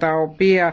τα οποία